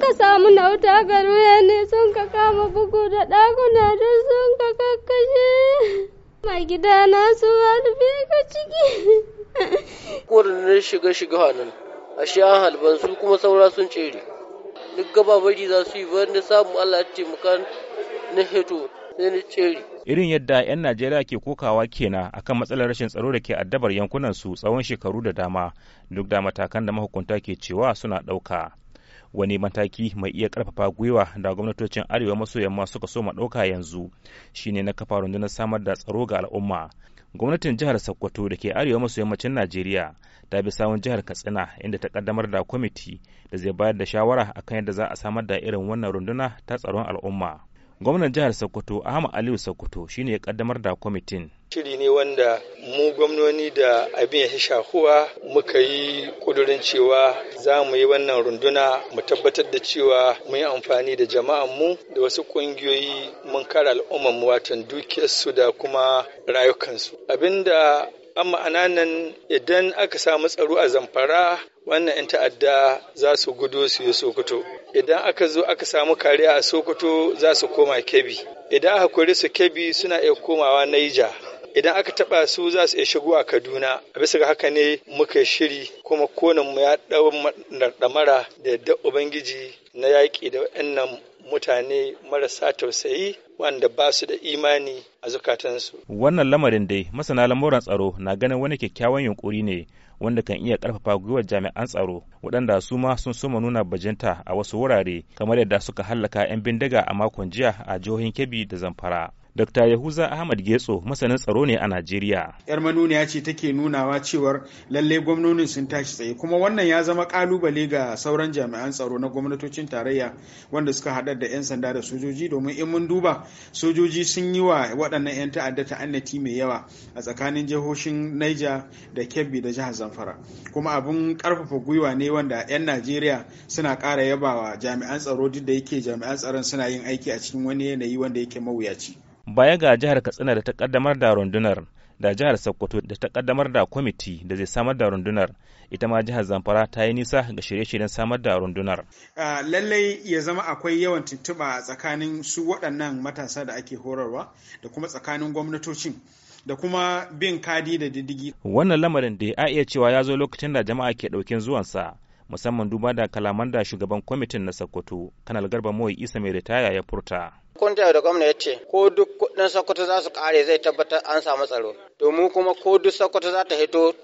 ka samu nauta ya ne sun ka kama bugu da ɗakuna don sun ka kakkashe mai gida na su harbe ka ciki ƙorin shiga shiga hannun shi an halban su kuma saura sun cere duk gaba bari za su yi ba da samu allah taimaka na heto sai na cere irin yadda 'yan najeriya ke kokawa kenan akan matsalar rashin tsaro da ke addabar yankunan su tsawon shekaru da dama duk da matakan da mahukunta ke cewa suna ɗauka wani mataki mai iya karfafa gwiwa da gwamnatocin arewa maso yamma suka so ma ɗauka yanzu shine na kafa rundunar samar da tsaro ga al'umma gwamnatin jihar sokoto da ke arewa maso yammacin najeriya ta bi sawun jihar katsina inda ta kaddamar da kwamiti da zai bayar da shawara akan yadda za a samar da irin wannan runduna ta tsaron al'umma gwamnan jihar sokoto ahmad aliyu sokoto shine ya kaddamar da kwamitin shiri ne wanda mu gwamnoni da abin ya shahuwa muka yi kudurin cewa za mu yi wannan runduna mu tabbatar da cewa mun yi amfani da jama'an mu da wasu kungiyoyi mun kara al'ummar mu watan dukiyarsu da kuma rayukansu abinda an ma'ana nan idan aka samu tsaro a zamfara wannan 'yan ta'adda za su gudu su yi sokoto idan aka zo aka samu kariya a sokoto za su koma kebi idan aka kori su kebi suna iya komawa naija idan aka taɓa su za su iya shigo a kaduna a bisa ga haka ne muka shiri kuma konan mu ya dawo ɗamara da yadda ubangiji na yaƙi da waɗannan mutane marasa tausayi wanda ba su da imani a zukatansu. Wannan lamarin dai masana lamuran tsaro na ganin wani kyakkyawan yunkuri ne wanda kan iya karfafa gwiwar jami'an tsaro waɗanda su ma sun soma nuna bajinta a wasu wurare kamar yadda suka hallaka 'yan bindiga a makon jiya a jihohin Kebbi da Zamfara. Dr. Yahuza Ahmad Getso masanin tsaro ne a Najeriya. Yar manuniya ce take nunawa cewar lalle gwamnonin sun tashi tsaye kuma wannan ya zama kalubale ga sauran jami'an tsaro na gwamnatocin tarayya wanda suka hada da 'yan sanda da sojoji domin in mun duba sojoji sun yi wa waɗannan 'yan ta'adda ta'annati mai yawa a tsakanin jihohin Niger da Kebbi da jihar Zamfara. Kuma abin karfafa gwiwa ne wanda 'yan Najeriya suna kara yabawa jami'an tsaro duk da yake jami'an tsaron suna yin aiki a cikin wani yanayi wanda yake mawuyaci. baya ga jihar katsina da ta kaddamar da rundunar da jihar sokoto da ta kaddamar da kwamiti da zai samar da rundunar ita ma jihar zamfara ta yi nisa ga shirye-shiryen samar da rundunar lallai ya zama akwai yawan tuntuɓa tsakanin su waɗannan matasa da ake horarwa da kuma tsakanin gwamnatocin da kuma bin kadi da diddigi wannan lamarin da ya iya cewa ya zo lokacin da jama'a ke ɗaukin zuwansa musamman duba da kalaman da shugaban kwamitin na sokoto kanal garba moyi isa mai ritaya ya furta Kunta da gwamna ya ce ko duk kudin Sokoto za su kare zai tabbatar an samu tsaro. Domin kuma ko duk Sokoto za ta hito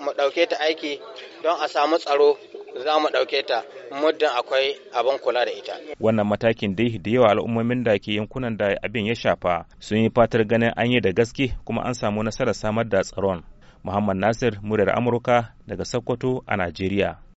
mu dauke ta aiki don a samu tsaro za mu dauke ta muddin akwai abin kula da ita. Wannan matakin dai da yawa al'ummomin da ke yankunan da abin ya shafa sun yi fatar ganin an yi da gaske kuma an samu nasarar samar da tsaron. Muhammad Nasir, muryar Amurka daga Sokoto a Najeriya.